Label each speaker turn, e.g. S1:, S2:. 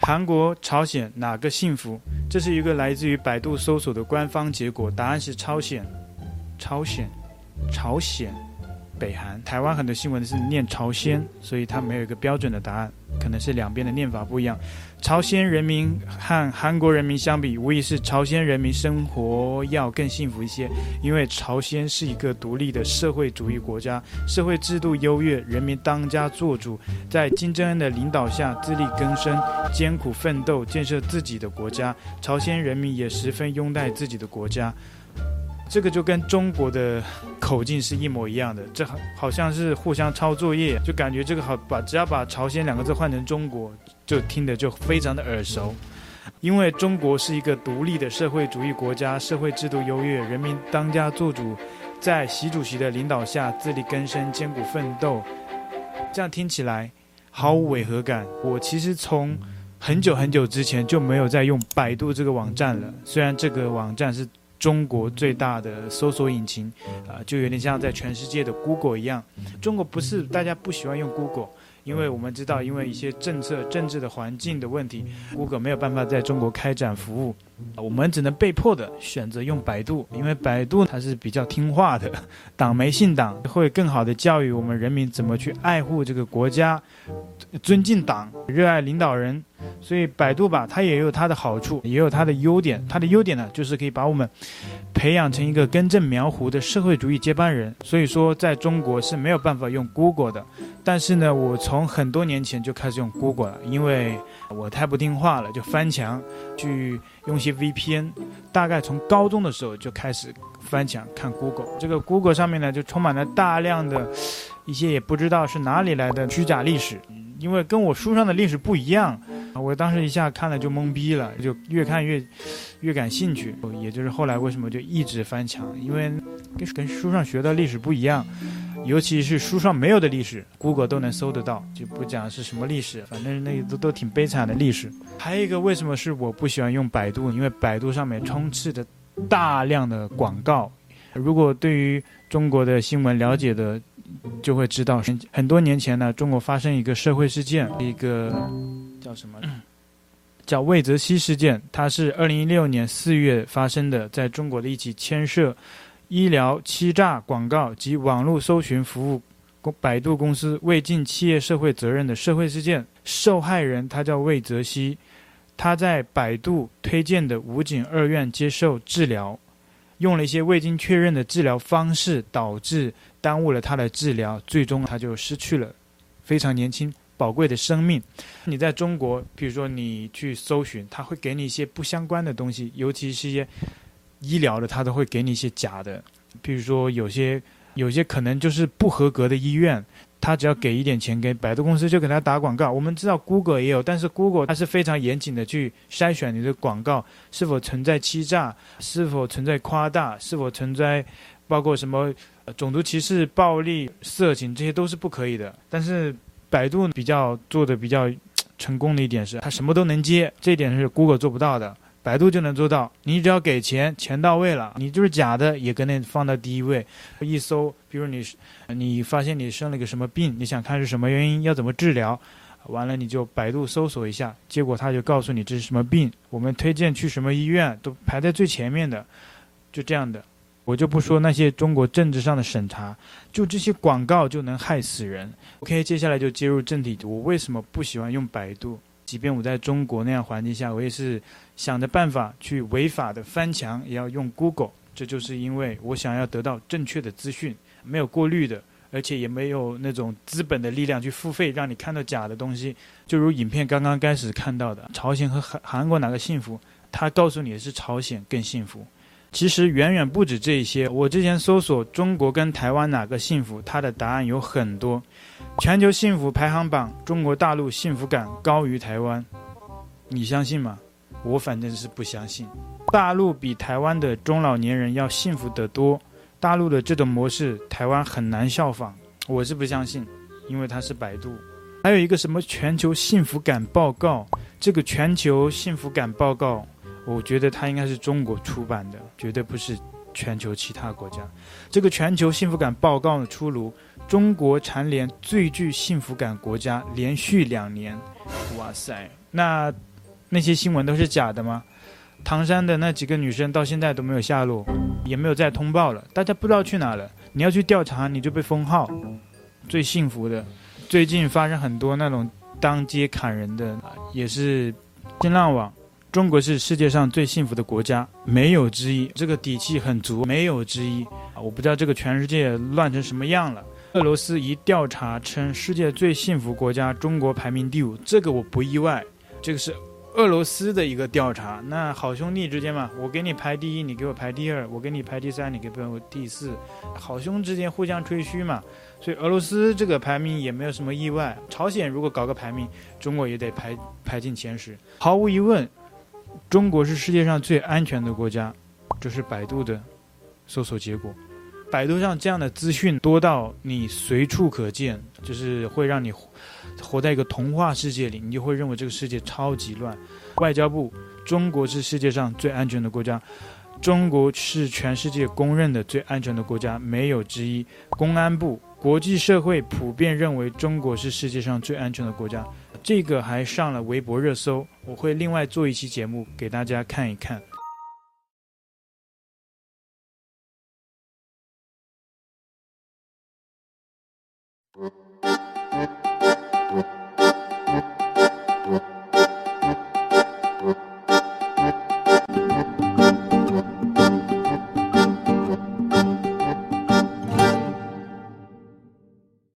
S1: 韓國、朝鮮哪個幸福？這是一個來自於百度搜索的官方結果，答案是朝鮮，朝鮮，朝鮮。北韓，台灣很多新聞是念朝鮮，所以他沒有一個標準的答案，可能是兩邊的念法不一樣。朝鮮人民和韓國人民相比，無疑是朝鮮人民生活要更幸福一些，因為朝鮮是一個獨立的社會主義國家，社會制度優越，人民當家做主，在金正恩的領導下自力更生、艱苦奮鬥，建設自己的國家。朝鮮人民也十分擁戴自己的國家，這個就跟中國的。口徑是一模一樣的，這好好像是互相抄作業，就感覺這個好把，只要把朝鮮兩個字換成中國，就聽得就非常的耳熟。因為中國是一個獨立的社會主義國家，社會制度優越，人民當家作主，在習主席的領導下自力更生，艱苦奮鬥，這樣聽起來毫無違和感。我其實從很久很久之前就沒有再用百度這個網站了，雖然這個網站是。中國最大的搜索引擎，啊、呃，就有點像在全世界的 Google 一樣。中國不是大家不喜歡用 Google，因為我們知道，因為一些政策、政治的環境的問題，Google 沒有辦法在中國開展服務，啊，我們只能被迫的選擇用百度，因為百度它是比較聽話的，黨媒姓黨，會更好的教育我們人民怎麼去愛護這個國家，尊敬黨，熱愛領導人。所以百度吧，它也有它的好處，也有它的優點。它的優點呢，就是可以把我們培養成一個根正苗紅的社會主義接班人。所以說，在中國是沒有辦法用 Google 的。但是呢，我從很多年前就開始用 Google 了，因為我太不聽話了，就翻牆去用一些 VPN。大概從高中的時候就開始翻牆看 Google。這個 Google 上面呢，就充滿了大量的一些也不知道是哪裡來的虛假歷史，因為跟我書上的歷史不一樣。啊，我當時一下看了就懵逼了，就越看越，越感興趣。也就是後來為什麼就一直翻牆？因為跟，跟書上學的歷史不一樣，尤其是書上沒有的歷史，谷歌都能搜得到。就不講是什麼歷史，反正那都都挺悲慘的歷史。還有一個為什麼是我不喜歡用百度？因為百度上面充斥着大量的廣告。如果對於中國的新聞了解的，就會知道很很多年前呢，中國發生一個社會事件，一個。叫什麼？叫魏則西事件，他是二零一六年四月發生的，在中國的一起牽涉醫療欺詐、廣告及網絡搜尋服務公百度公司未盡企業社會責任的社會事件。受害人他叫魏則西，他在百度推薦的武警二院接受治療，用了一些未經確認的治療方式，導致耽誤了他的治療，最終他就失去了，非常年輕。寶貴的生命，你在中國，比如說你去搜尋，他會給你一些不相關的東西，尤其是一些醫療的，他都會給你一些假的。比如說有些，有些可能就是不合格的醫院，他只要給一點錢，給百度公司就給他打廣告。我們知道 Google 也有，但是 Google 它是非常嚴謹的去篩選你的廣告是否存在欺詐、是否存在誇大、是否存在包括什麼呃種族歧視、暴力、色情，這些都是不可以的。但是百度比較做的比較成功的一點是，它什麼都能接，這一點是 Google 做不到的，百度就能做到。你只要給錢，錢到位了，你就是假的也給你放到第一位。一搜，比如你，你發現你生了一個什麼病，你想看是什麼原因，要怎麼治療，完了你就百度搜索一下，結果他就告訴你這是什麼病，我們推薦去什麼醫院，都排在最前面的，就這樣的。我就不說那些中國政治上的審查，就這些廣告就能害死人。OK，接下來就進入正題，我為什麼不喜歡用百度？即便我在中國那樣環境下，我也是想着辦法去違法的翻牆，也要用 Google。這就是因為我想要得到正確的資訊，沒有過濾的，而且也沒有那種資本的力量去付費讓你看到假的東西。就如影片剛剛開始看到的，朝鮮和韓韓國哪個幸福？他告訴你的是朝鮮更幸福。其實遠遠不止這一些。我之前搜索中國跟台灣哪個幸福，它的答案有很多。全球幸福排行榜，中國大陸幸福感高於台灣，你相信嗎？我反正是不相信。大陸比台灣的中老年人要幸福得多，大陸的這種模式，台灣很難效仿。我是不相信，因為它是百度。還有一個什麼全球幸福感報告，這個全球幸福感報告。我覺得它應該是中國出版的，絕對不是全球其他國家。這個全球幸福感報告出爐，中國蟬聯最具幸福感國家，連續兩年。哇塞！那那些新聞都是假的嗎？唐山的那幾個女生到現在都沒有下落，也沒有再通報了，大家不知道去哪了。你要去調查，你就被封號。最幸福的，最近發生很多那種當街砍人的，也是新浪網。中國是世界上最幸福的國家，沒有之一，這個底氣很足，沒有之一啊！我不知道這個全世界亂成什麼樣了。俄羅斯一調查稱，世界最幸福國家中國排名第五，這個我不意外。這個是俄羅斯的一個調查。那好兄弟之間嘛，我給你排第一，你給我排第二，我給你排第三，你給我排第四。好兄之間互相吹噓嘛，所以俄羅斯這個排名也沒有什麼意外。朝鮮如果搞個排名，中國也得排排進前十，毫無疑問。中國是世界上最安全的國家，就是百度的搜索結果。百度上這樣的資訊多到你隨處可見，就是會讓你活在一個童話世界裡，你就會認為這個世界超級亂。外交部：中國是世界上最安全的國家，中國是全世界公認的最安全的國家，沒有之一。公安部：國際社會普遍認為中國是世界上最安全的國家，這個還上了微博熱搜。我會另外做一期節目給大家看一看。